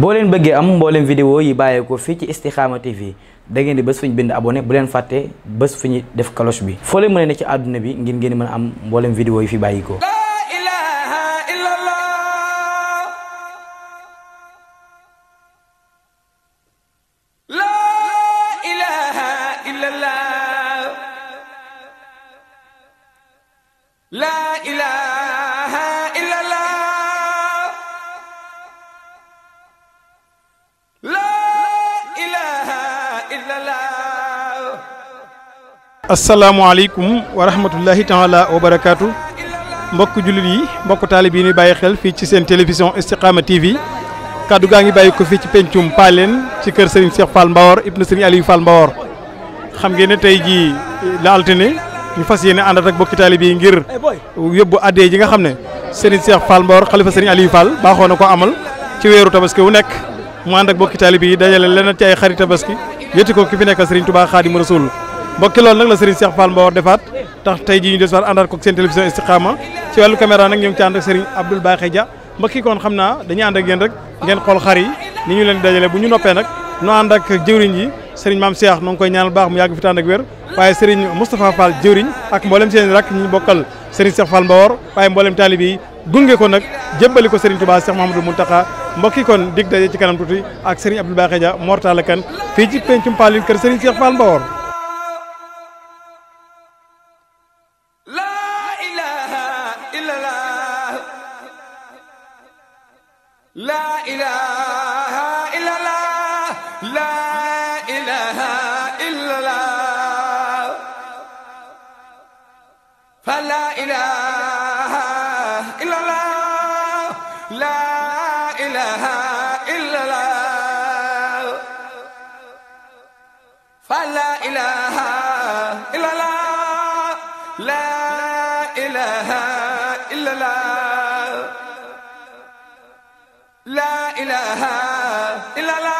boo leen bëggee am mbooleem vidéo yi bàyyeekoo fii ci Istikhama TV da ngeen di bés fu ñu bind abonné bu leen fàtte bés fu ñu def cloche bi foo leen mën a ne ci àdduna bi ngir ngeen mën a am mboolem vidéo yi fi bàyyikoo asalaamualeykum wa rahmatullahi taala wa mbokk jullit yi mbokk taalib yi ñuy bàyyi xel fii ci seen télévision Istiqama TV kàddu gaa ngi bàyyi ko fii ci pencum Paaleen ci kër Serigne Cheikh Fall Mbawor ibnu Serigne Aliou Fall Mbawor xam ngeen tey jii la altine ñu fas yéene àndat ak bokki taalib yi ngir yóbbu addee ji nga xam ne Serigne Cheikh Fall Mbawor xalifa Serigne Aliou Fall baaxoo na ko amal ci weeru tabaski wu nekk. mu ànd ak bokki taalibe yi dajale leneen ci ay xarit tabaski yëtti ko ki fi nekkal Serigne Touba Xaadimu Rasuul mbokki loolu nag la Serigne Cheikh Fall Mbawar defaat tax tey jii ñu des waat àndaat ko seen télévision Istikhama ci wàllu caméra nag ñu ngi ci ànd ak Serigne kon xam naa dañuy ànd ak rek ngeen xool xar ni ñu leen dajale bu ñu noppee nag noo ànd ak jëwriñ yi Serigne Mame Cheikh noo ngi koy ñaanal baax mu yàgg fi tànn ak wér waaye Serigne Moustapha Fall jëwriñ ak mboolem seen rak ñu bokkal Serigne Cheikh Fall Mbawar waaye mboolem taalibe yi gunge ko nag jébbali ko Serigne Touba Cheikh Mahamadou Mountakha mbokki kon dig daje ci kanam tuuti ak Serigne Abdou Bakhy Dia Mor Talla fii ci pencum Paalin kër Serigne Cheikh Fall Mbawor la ilaha illallah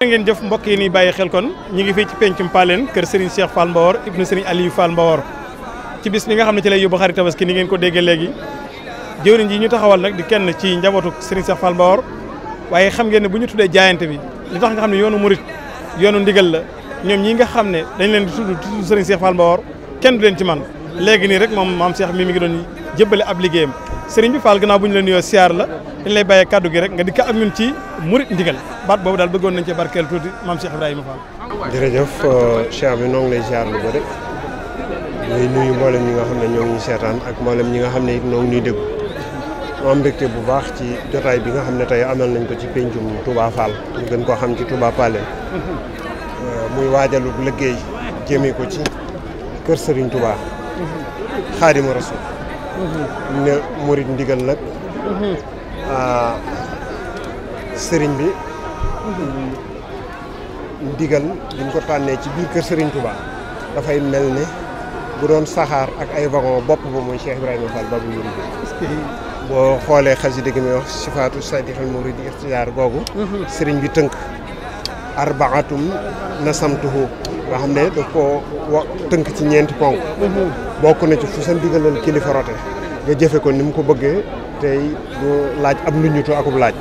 ngeen jëf mbokk yi ni bàyyi xel kon ñi ngi fii ci pencum Paleen kër Serigne Cheikh Fall Mbawor ibnu Serigne Aliou Fall Mbawor ci bis bi nga xam ne ci lay yóbbu xarit tabaski ni ngeen ko déggee léegi jëwriñ ji ñu taxawal nag di kenn ci njabootu Serigne Cheikh Fall Mbawor waaye xam ngeen ne bu ñu tuddee jaayante bi li tax nga xam ne yoonu murit yoonu ndigal la ñoom ñi nga xam ne dañ leen di tudd tudd Serigne Cheikh Fall Mbawor kenn du leen ci man léegi nii rek moom maam Cheikh mi mi ngi doon jébbale ab liggéeyam Serigne bi Fall gannaaw bu ñu la nuyoo siyaar la dañ lay bàyyee gi rek nga dikk am ñun ci murit ndigal baat boobu daal bëggoon nañ ci barkeel tuuti maam Cheikh Ibrahima Fall. jërëjëf euh, Cheikh bi noo ngi lay ziar lu bëri ñuy nuyu mboolem ñi nga xam ne ñoo ngi seetaan ak mboolem ñi nga xam ne it ñoo ngi ñuy dégg moo am mbégte bu baax ci jotaay bi nga xam ne tey amal nañ ko ci pencum Touba Fall ñu gën koo xam ci Touba euh, muy waajalu liggéey jëmee ko ci kër Serigne Touba. Xaadimu Rasul mhm. ne murit ndigal nag. Mhm. Euh, sëriñ bi ndigal bi ñu ko tànnee ci biir kër sëriñ Touba dafay mel ne bu doon saxaar ak ay wagon bopp ba mooy Cheikh Ibrahima Fall Babu Murid boo xoolee xasida gi muy wax sifaatu sadixal murid ixtiyaar googu mhm. sëriñ bi tënk arbaatum nasamtuhu nga xam ne daf ko wa tënk ci ñeenti ponk mhm. bokk na ci fu sa ndigalal kilifa rote jëfe ko ni mu ko bëggee tey du laaj ab luñutu akub laaj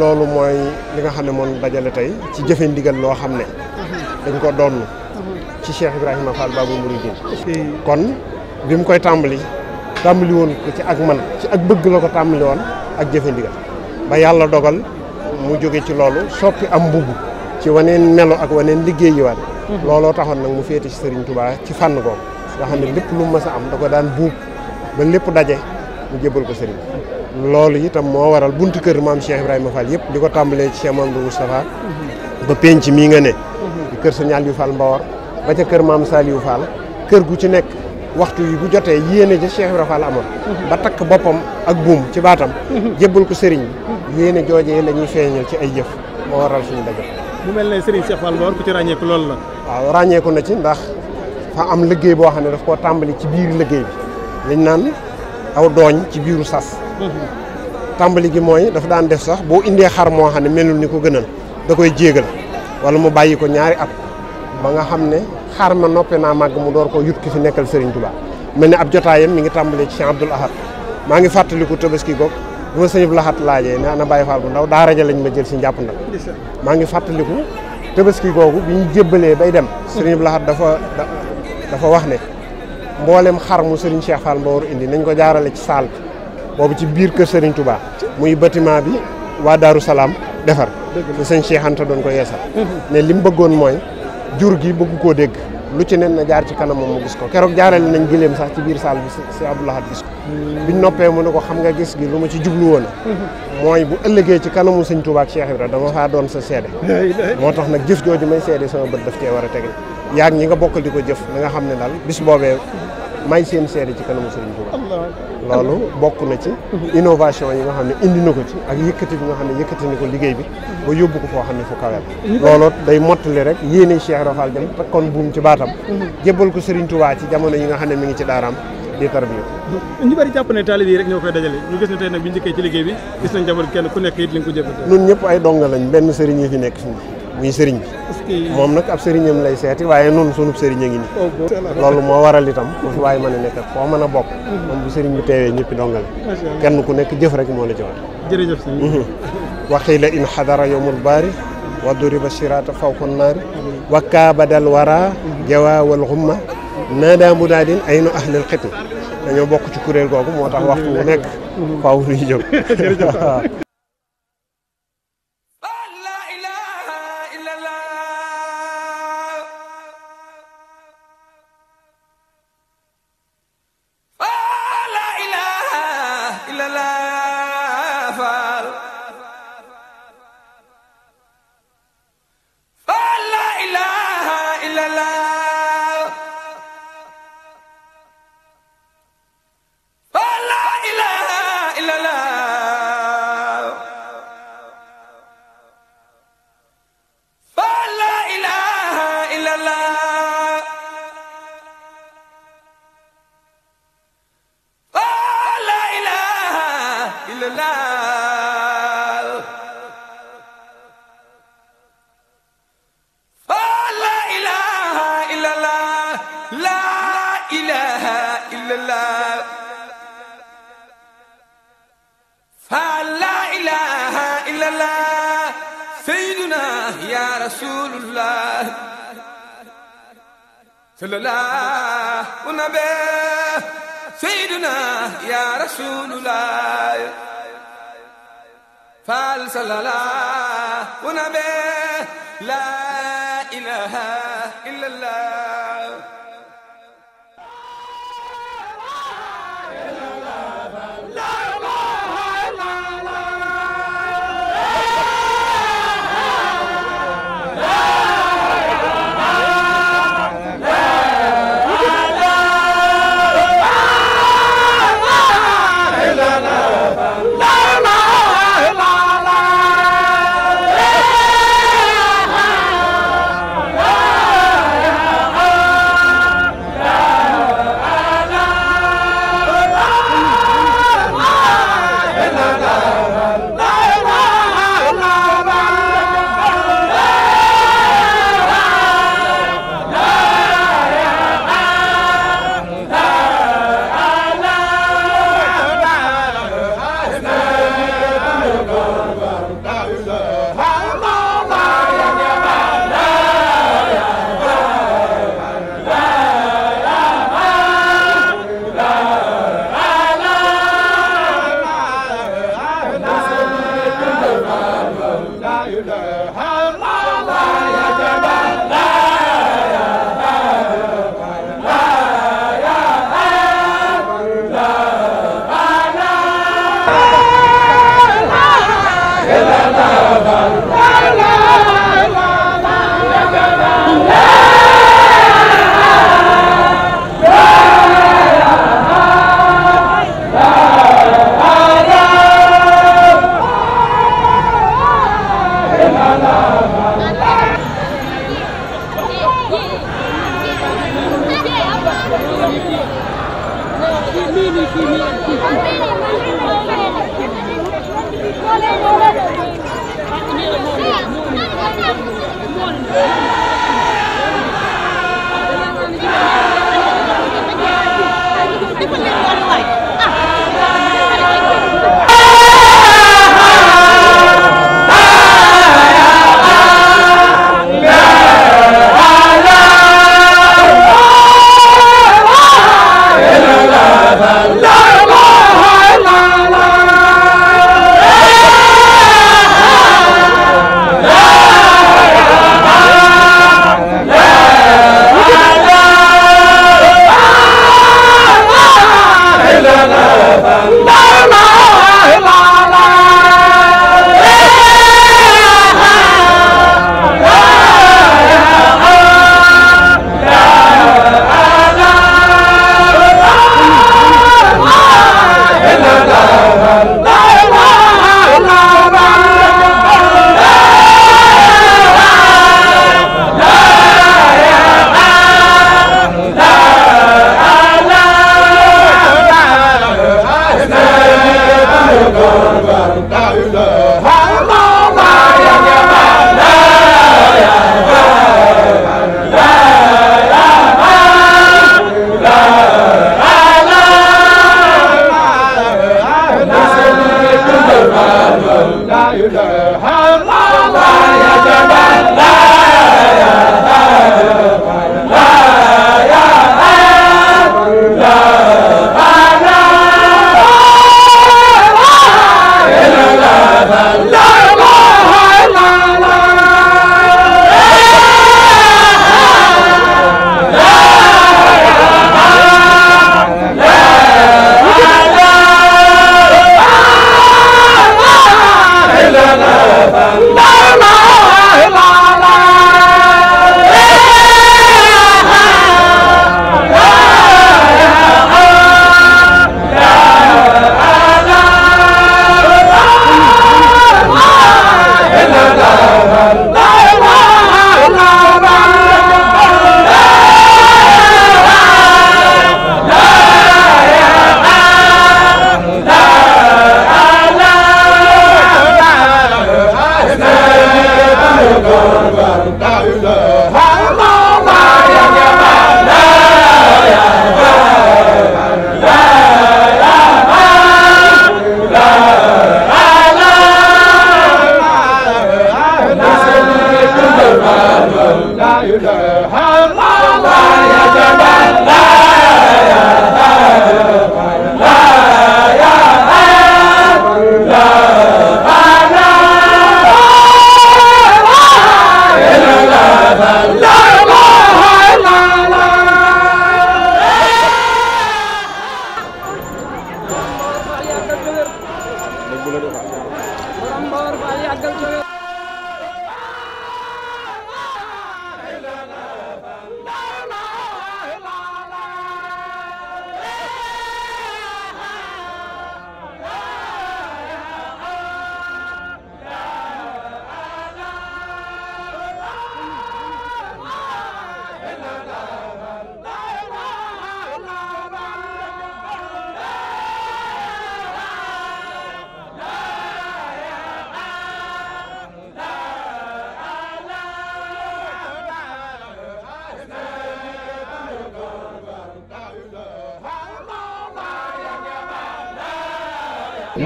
loolu mooy li nga xam ne moom dajale tey ci jëfe ndigal loo xam ne dañ ko doon ci Cheikh Ibrahima Fall Babou Mouridine kon bi mu koy tàmbali tàmbali ko ci ak man ci ak bëgg la ko tàmbali ak jëfe ndigal ba yàlla dogal mu jóge ci loolu soppi am mbubb ci waneen melo ak waneen liggéey looloo taxoon nag mu féete ci Serigne Touba ci fànn googu nga xam ne lépp lu mës a am da ko daan buub ba lépp daje mu jëbbal ko sëriñ loolu yi tam moo waral bunt kër maam Cheikh Ibrahima Fall yëpp di ko tàmbalee ci Cheikh Mamadou Moustapha ba penc mii nga ne kër sa ñaal yu Fall Mbawar ba ca kër maam Saliou Fall kër gu ci nekk waxtu yi bu jotee yéene ja Cheikh Ibrahima Fall amoon ba takk boppam ak buum ci baatam jébbal ko sëriñ bi yéene joojee la ñuy feeñal ci ay jëf moo waral suñu daje mu mel ne Serigne Cheikh Fall Mbawar ku ci ràññeeku loolu la. waaw ràññeeku na ci ndax am liggéey boo xam ne daf koo tàmbali ci biir liggéey bi liñ aw dooñ ci biiru sas tàmbali gi mooy dafa daan def sax boo indee xar moo xam ne melul ni ko gënal da koy jéegal wala mu bàyyi ko ñaari at ba nga xam ne xar ma noppee naa màgg mu door ko yut ki fi nekkal Serigne Touba mel ne ab jotaayam mi ngi tàmbalee ci Cheikh Abdoul Ahad maa ngi fàttaliku tabaski goog bu ma sëñ Abdoul Ahad laajee ne ana bàyyi Fall bu ndaw daara ja lañ ma jël si njàpp ndal maa ngi fàttaliku tabaski googu bi ñu jébbalee bay dem Serigne Abdoul dafa dafa wax ne mboolem xar mu Serigne Cheikh Fall Mbaor indi nañ ko jaarale ci saal boobu ci biir kër Serigne tubaa muy bâtiment bi waa Daaru Salaam defar te sëñ Cheikh Anta doon ko yeesal ne li mu bëggoon mooy jur gi bëgg koo dégg lu ci nen na jaar ci moom mu gis ko keroog jaarale nañ gileem sax ci biir saal bi si Abdoulahad gis ko biñ noppee mu ne ko xam nga gis gi lu ma ci jublu woon mooy bu ëllëgee ci kanamu sëñ Touba ak Cheikh Ibra dama faa doon sa seede moo tax nag jëf jooju may seede sama bët daf cee war a tege yaag ñi nga bokk di ko jëf na nga xam ne daal bis boobee may seen seede ci kanamu Serigne Touba loolu bokk na ci innovation yi nga xam ne indi na ko ci ak yëkkati bi nga xam ne yëkkati na ko liggéey bi ba yóbbu ko foo xam ne fu kawel loolu day mottali rek yéene Cheikh Rafal jëm kon buum ci baatam mm-hmm. jébbal ko Serigne Touba ci jamono yi nga xam ne mi ngi ci daaraam di tarbiya ñu bari jàpp ne taalib yi rek ñoo koy dajale ñu gis ne ci liggéey bi gis nekk it li ñëpp ay donga lañ benn sëriñ yi fi nekk muy sëriñ bi moom nag ab sëriñam lay seeti waaye noonu sunub sëriñ a ngi nii loolu moo waral itam ku fi waaye mën a nekk foo mën a bokk moom bu sëriñ bi teewee ñëppi dongale kenn ku nekk jëf rek moo la ci war jërëjëf sëriñ mhm. waqiila in xadara yowmul baari wa duriba siraata fawqa naari wa kaabadal wara jawaawal xumma naadaa munaadin ayna ahlil xitmi dañoo bokk ci kuréel googu moo tax waxtu wu nekk faaw ñuy jóg rasulullah unabe sayyiduna ya rasulullah fal sallallahu unabe la ilaha illallah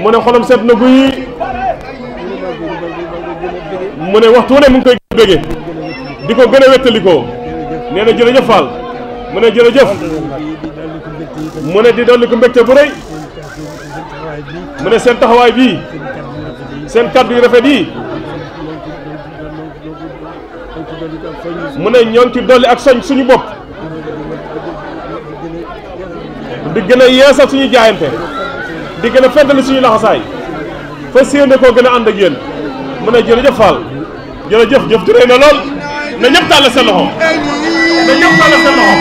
mu ne xolam set na guy mu ne waxtu ne mu ngi koy bége di ko gën a wettalikoo nee na jërëjëf Fall mu ne jërëjëf mu ne di dolli ko mbégte bu rëy mu ne seen taxawaay bii seen kàddu yu rafet yi mu ne ñoo ci dolli ak soñ suñu bopp di gën yeesal suñu jaayante di gën a fentali suñu laxasaay fa séene koo gën a ànd ak yéen mu ne jërëjëf Fall jërëjëf jëf jërëjëf na lool na ñëpp tàllal seen loxo na ñëpp tàllal seen loxo.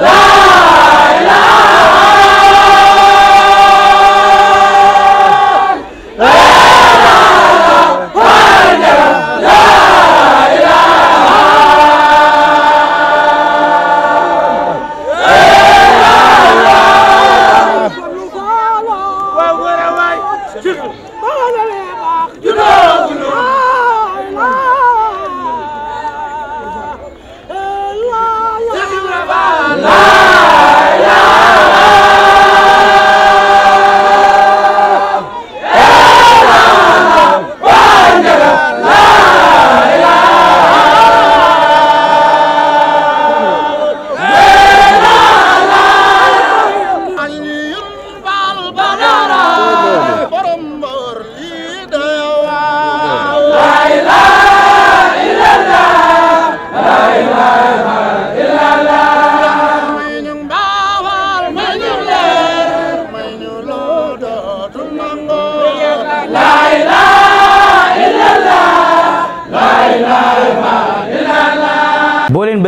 Bye.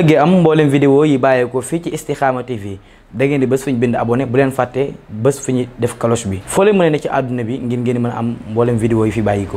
bëggee am mboolem vidéo yi bàyyeekoo fii ci Istikhama TV da ngeen di bés fu ñu bind abonné bu leen fàtte bés fu ñu def cloche bi foo leen mën ne ci àdduna bi ngir ngeen mën am mboolem vidéo yi fi bàyyikoo